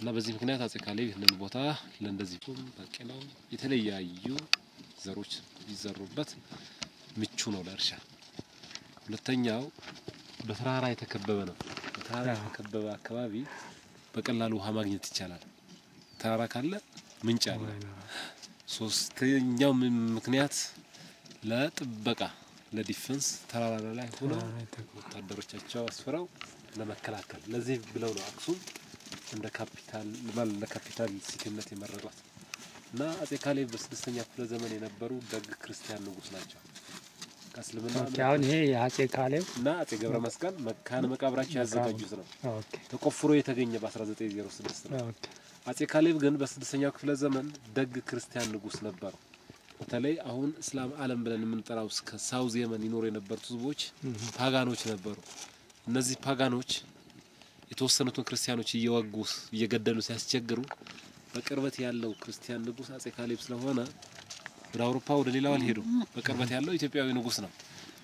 እና በዚህ ምክንያት አጼ ካሌብ ይህንን ቦታ ለእንደዚህ ባቄላው የተለያዩ ዘሮች ይዘሩበት ምቹ ነው ለእርሻ። ሁለተኛው በተራራ የተከበበ ነው። በተራራ የተከበበ አካባቢ በቀላሉ ውሃ ማግኘት ይቻላል። ተራራ ካለ ምንጭ አለ። ሶስተኛው ምክንያት ለጥበቃ ለዲፈንስ ተራራ ላይ ሆነው ወታደሮቻቸው አስፈራው ለመከላከል ለዚህ ብለው ነው አክሱም እንደ ካፒታል ካፒታል ሲቲነት የመረጧት እና አጼ ካሌብ በስድስተኛ ክፍለ ዘመን የነበሩ ደግ ክርስቲያን ንጉስ ናቸው። ከእስልምና አሁን ይሄ የአጼ ካሌብ እና አጼ ገብረ መስቀል መካነ መቃብራቸው ያዘጋጁት ነው። ተቆፍሮ የተገኘ በ1906 ነው። አጼ ካሌብ ግን በስድስተኛው ክፍለ ዘመን ደግ ክርስቲያን ንጉስ ነበሩ። በተለይ አሁን እስላም ዓለም ብለን የምንጠራው እስከ ሳውዝ የመን ይኖሩ የነበሩት ህዝቦች ፓጋኖች ነበሩ። እነዚህ ፓጋኖች የተወሰኑትን ክርስቲያኖች እየወጉ እየገደሉ ሲያስቸግሩ በቅርበት ያለው ክርስቲያን ንጉስ አጼ ካሌብ ስለሆነ ወደ አውሮፓ ወደ ሌላው አልሄዱም። በቅርበት ያለው ኢትዮጵያዊ ንጉስ ነው።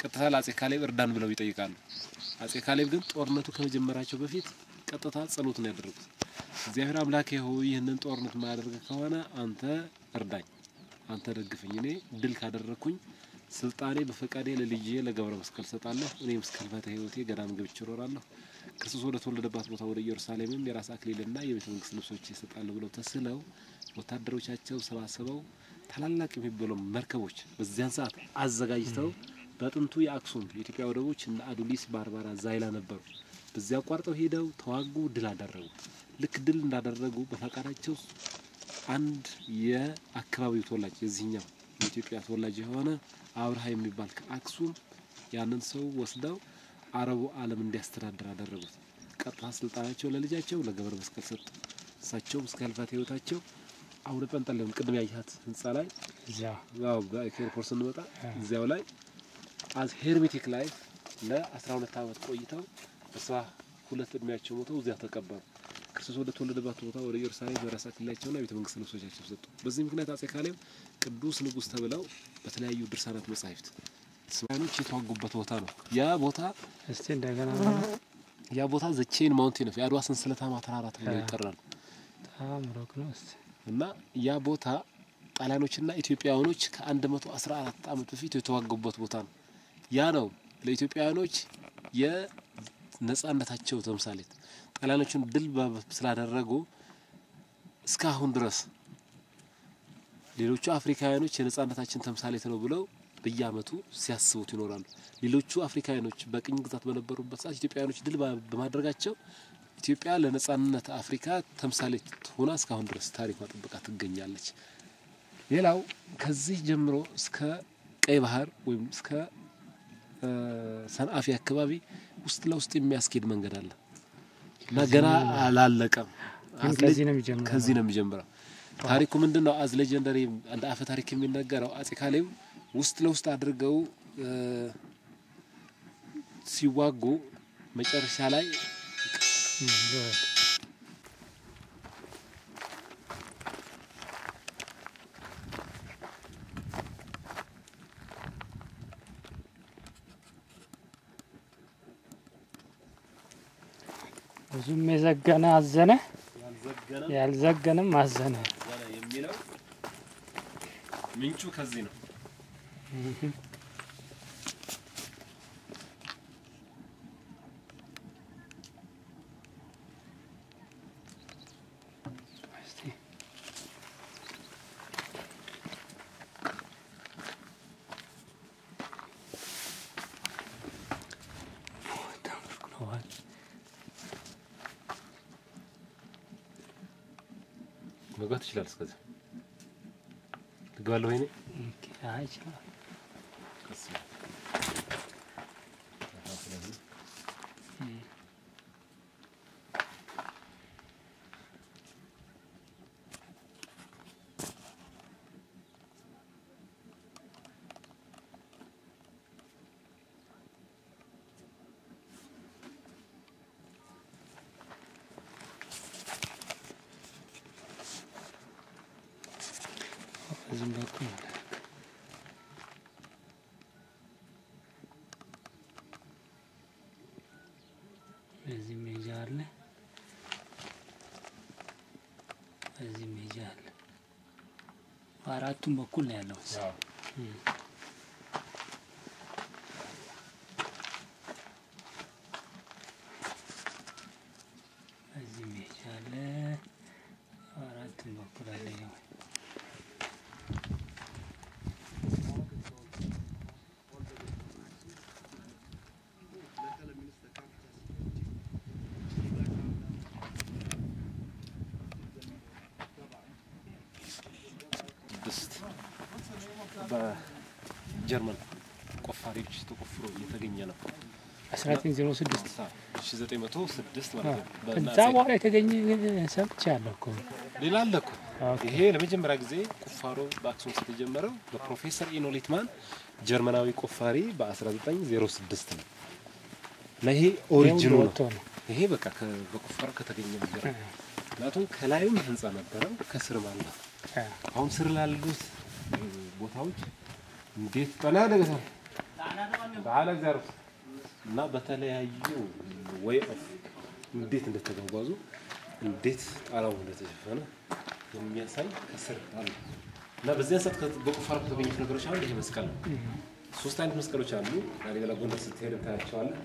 ቀጥታ ለአጼ ካሌብ እርዳን ብለው ይጠይቃሉ። አጼ ካሌብ ግን ጦርነቱ ከመጀመራቸው በፊት ቀጥታ ጸሎት ነው ያደረጉት። እግዚአብሔር አምላክ ሆይ ይህንን ጦርነት ማያደርግ ከሆነ አንተ እርዳኝ፣ አንተ ደግፈኝ፣ እኔ ድል ካደረግኩኝ ስልጣኔ በፈቃዴ ለልጄ ለገብረ መስቀል ሰጣለሁ። እኔም እስከ ሕልፈተ ህይወቴ ገዳም ገብቼ እኖራለሁ። ክርስቶስ ወደ ተወለደባት ቦታ ወደ ኢየሩሳሌምም የራስ አክሊልና የቤተ መንግስት ልብሶች ይሰጣለሁ ብለው ተስለው ወታደሮቻቸው ሰባስበው ታላላቅ የሚባሉ መርከቦች በዚያን ሰዓት አዘጋጅተው በጥንቱ የአክሱም የኢትዮጵያ ወደቦች እና አዱሊስ፣ ባርባራ፣ ዛይላ ነበሩ። በዚያ አቋርጠው ሄደው ተዋጉ፣ ድል አደረጉ። ልክ ድል እንዳደረጉ በፈቃዳቸው አንድ የአካባቢው ተወላጅ የዚህኛው የኢትዮጵያ ተወላጅ የሆነ አብርሃ የሚባል ከአክሱም ያንን ሰው ወስደው አረቡ ዓለም እንዲያስተዳድር አደረጉት። ቀጥታ ስልጣናቸው ለልጃቸው ለገብረ መስቀል ሰጡ። እሳቸውም እስከ ህልፈት ህይወታቸው አሁን ጠንጠለም ቅድም ያየሃት ህንጻ ላይ ያው በኤርፖርት ስንመጣ እዚያው ላይ አዝ ሄርሚቲክ ላይፍ ለ12 ዓመት ቆይተው እሷ ሁለት እድሜያቸው ሞተው እዚያ ተቀበሩ። ክርስቶስ ወደ ተወለደባት ቦታ ወደ ኢየሩሳሌም በራስ አክሊላቸውና ቤተ መንግስት ልብሶቻቸው ሰጡ። በዚህ ምክንያት አጼ ካሌብ ቅዱስ ንጉስ ተብለው በተለያዩ ድርሳናት መጻሕፍት ስማኖች የተዋጉበት ቦታ ነው። ያ ቦታ እስቲ እንደገና ያ ቦታ ዘቼን ማውንቴን ነው። የአድዋ ሰንሰለታማ ተራራ ተብሎ ይጠራል። በጣም ሩቅ ነው እና ያ ቦታ ጣሊያኖችና ኢትዮጵያውያኖች ከ114 ዓመት በፊት የተዋጉበት ቦታ ነው። ያ ነው ለኢትዮጵያውያኖች የነጻነታቸው ተምሳሌት ጣሊያኖችን ድል ስላደረጉ እስካሁን ድረስ ሌሎቹ አፍሪካውያኖች የነጻነታችን ተምሳሌት ነው ብለው በየዓመቱ ሲያስቡት ይኖራሉ። ሌሎቹ አፍሪካውያኖች በቅኝ ግዛት በነበሩበት ሰዓት ኢትዮጵያውያኖች ድል በማድረጋቸው ኢትዮጵያ ለነጻነት አፍሪካ ተምሳሌት ሆና እስካሁን ድረስ ታሪኳ ጥብቃ ትገኛለች። ሌላው ከዚህ ጀምሮ እስከ ቀይ ባህር ወይም እስከ ሰንአፌ አካባቢ ውስጥ ለውስጥ የሚያስኬድ መንገድ አለ። ገና አላለቀም። ከዚህ ነው የሚጀምረው። ከዚህ ነው የሚጀምረው ታሪኩ ምንድን ነው? አዝ ሌጀንደሪ እንደ አፈ ታሪክ የሚነገረው አጼ ካሌብ ውስጥ ለውስጥ አድርገው ሲዋጉ መጨረሻ ላይ ብዙም የዘገነ አዘነ ያልዘገነም አዘነ የሚለው ምንጩ ከዚህ ነው። መግባት ይችላል። እስከዚህ ትገባለህ ወይ? እኔ በዚህም በኩል ማለት ነው። ሜጃ አለ፣ በዚህ ሜጃ አለ። በአራቱም በኩል ነው ያለው። በጀርመን ቆፋሪዎች ተቆፍሮ እየተገኘ ነው። 1906 በኋላ የተገኘ ሰምቻለሁ ሌላ አለ እኮ። ይሄ ለመጀመሪያ ጊዜ ቁፋሮ በአክሱም የተጀመረው በፕሮፌሰር ኢኖ ሊትማን ጀርመናዊ ቆፋሪ በ1906 ነው እና ይሄ ኦሪጂኑ ነው። ይሄ በቃ በቁፋሮ ከተገኘ ነገር ምክንያቱም ህንፃ ነበረው ከስርም አለ። አሁን ስር ላሉት ቦታዎች እንዴት ጠላ ያደረገታል በዓለ እግዚአብሔር እና በተለያዩ ወይ ኦፍ እንዴት እንደተጓጓዙ እንዴት ጣራው እንደተሸፈነ የሚያሳይ ከስር አለ እና በዚያ ሰዓት በቁፋሮ ከተገኙት ነገሮች አንዱ ይሄ መስቀል ነው። ሶስት አይነት መስቀሎች አሉ። ላሊበላ ጎንደር ስትሄድ ታያቸዋለህ።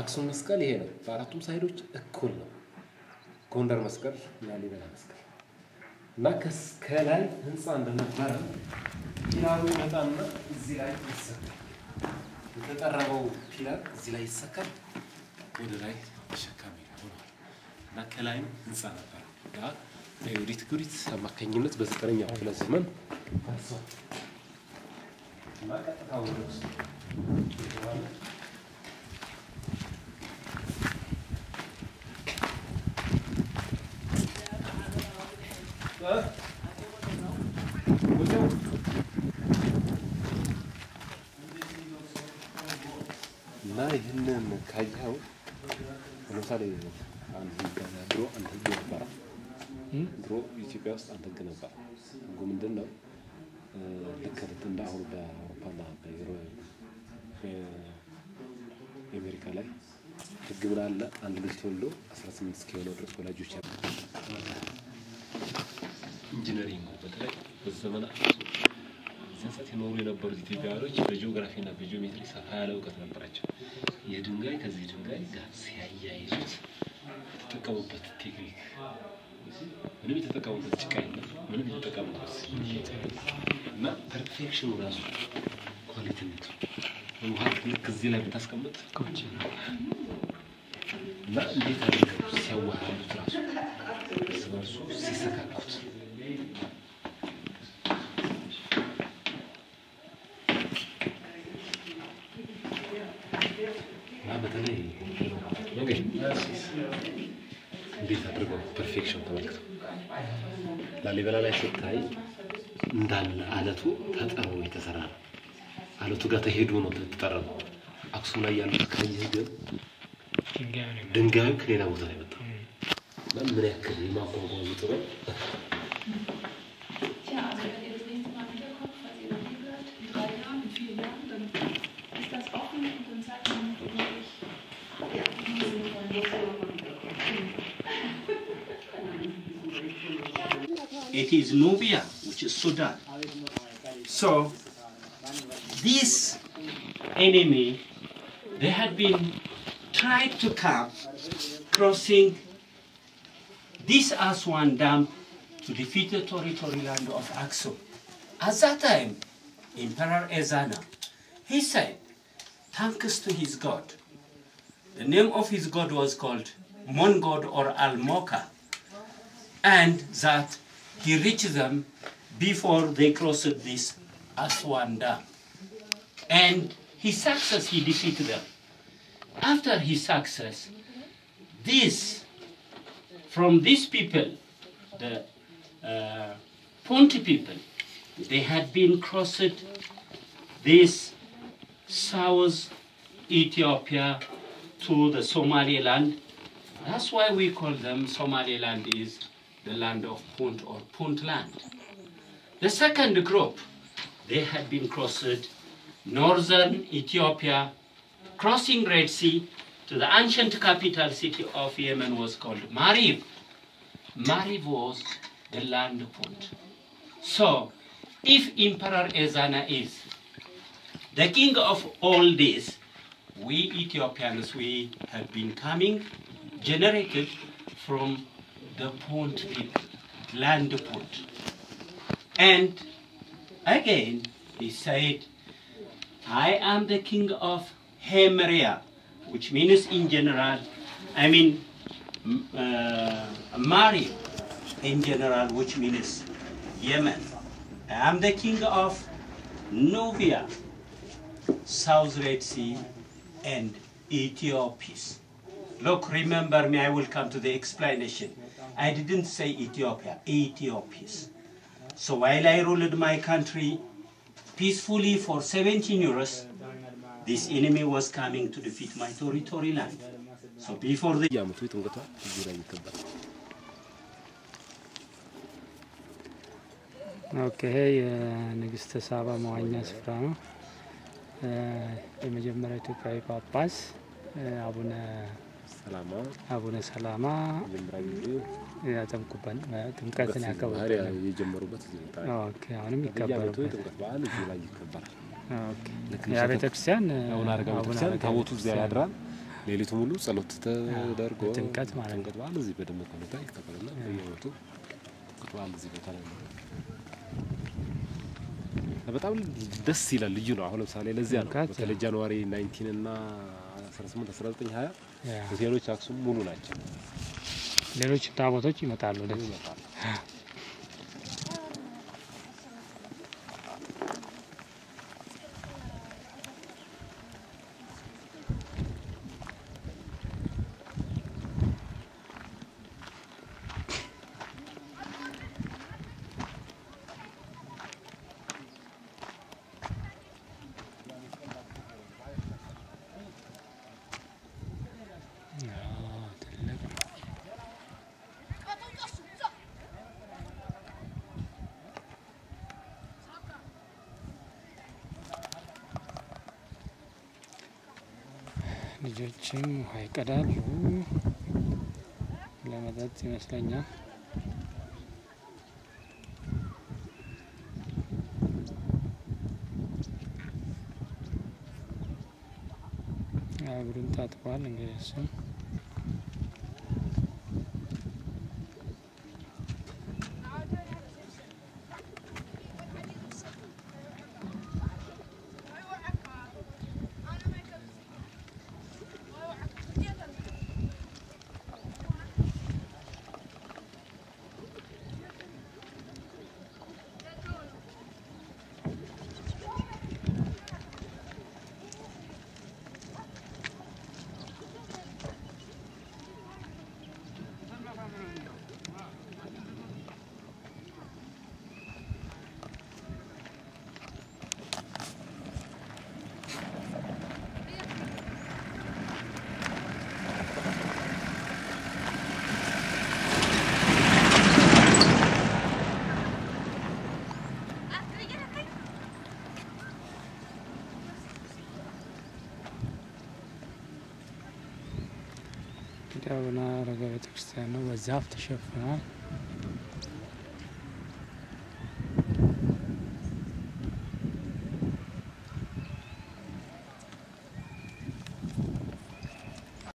አክሱም መስቀል ይሄ ነው። በአራቱም ሳይዶች እኩል ነው። ጎንደር መስቀል፣ ላሊበላ መስቀል እና ከላይ ህንፃ እንደነበረ ፒላሩ ይመጣና እዚህ ላይ ይሰካል። የተጠረበው ፒላር እዚህ ላይ ይሰካል፣ ወደ ላይ ተሸካሚ ሆኗል እና ከላይም ህንፃ ነበረ። በዮዲት ጉዲት አማካኝነት በዘጠነኛው ክፍለ ዘመን ፈርሷል እና ቀጥታ ወደ ውስጥ እና ይህንን ካየኸው ለምሳሌ ድሮ አንድ ህግ ነበረ። ድሮ ኢትዮጵያ ውስጥ አንድ ህግ ነበረ። ህጉ ምንድን ነው? ልክ እንደ አሁን በአውሮፓና የአሜሪካ ላይ ህግ ብላለ አንድ ልጅ ተወልዶ 18 እስኪሆነው ድረስ ወላጆች ኢንጂነሪንግ ነው። በተለይ በዘመና ጽንፈት የኖሩ የነበሩት ኢትዮጵያውያኖች በጂኦግራፊና በጂኦሜትሪ ሰፋ ያለ እውቀት ነበራቸው። ይህ ድንጋይ ከዚህ ድንጋይ ጋር ሲያያይዙት የተጠቀሙበት ቴክኒክ ምንም የተጠቀሙበት ጭቃ የለም። ምንም የተጠቀሙበት እና ፐርፌክሽኑ ራሱ ኳሊቲነቱ ውሃ ልክ እዚህ ላይ ብታስቀምጥ ነው። እና እንዴት አድርገው ሲያዋህሉት ራሱ እርስ በርሱ ሲሰካኩት ላሊበላ ላይ ስታይ እንዳለ አለቱ ተጠርቦ የተሰራ ነው። አለቱ ጋር ተሄዶ ነው ተጠረበው። አክሱም ላይ ያሉት ካየህ ግን ድንጋዩ ከሌላ ቦታ ላይ መጣ። ምን ያክል የማጓጓዙ ጥበብ It is Nubia, which is Sudan. So, this enemy, they had been trying to come crossing this Aswan Dam to defeat the territory land of Axum. At that time, Emperor Ezana, he said, thanks to his God. The name of his God was called Mon God or Al-Moka. And that he reached them before they crossed this Aswan Dam. And his success, he defeated them. After his success, this, from these people, the uh, Ponti people, they had been crossed this South Ethiopia to the Somaliland. That's why we call them Somaliland is the land of Punt or Puntland. The second group, they had been crossed northern Ethiopia, crossing Red Sea to the ancient capital city of Yemen was called Marib. Marib was the land Punt. So, if Emperor Ezana is the king of all this, we Ethiopians, we have been coming, generated from the Pont people, land Pont. And again, he said, I am the king of Hemeria, which means in general, I mean, uh, Mari in general, which means Yemen. I am the king of Nubia, South Red Sea, and Ethiopia. Look, remember me, I will come to the explanation. I didn't say Ethiopia, Ethiopians. So while I ruled my country peacefully for 17 years, this enemy was coming to defeat my territory land. So before the... ኦኬ ይሄ የንግስተ ሳባ መዋኛ ስፍራ ነው። የመጀመሪያ ኢትዮጵያዊ ጳጳስ አቡነ አቡነ ሰላማ ያጠምቁበን ጥምቀትን ያከብሩበት አሁንም ይከበሩበት ያ ቤተ ክርስቲያን ታቦቱ እዚያ ያድራል። ሌሊቱ ሙሉ ጸሎት ተደርጎ ጥምቀት ማለት ነው። በዓል እዚህ በደመቀ ሁኔታ ይከበራል። በየወቱ በዓል እዚህ ቦታ ላይ ነው። በጣም ደስ ይላል። ልዩ ነው። አሁን ለምሳሌ ለዚያ ነው በተለይ ጃንዋሪ 19 እና 18 19 20 ሆቴሎች አክሱም ሙሉ ናቸው። ሌሎች ታቦቶች ይመጣሉ። ልጆችም ውሃ ይቀዳሉ ለመጠጥ ይመስለኛል። እግሩን ታጥቧል እንግዲህ እሱም زفت شوف هون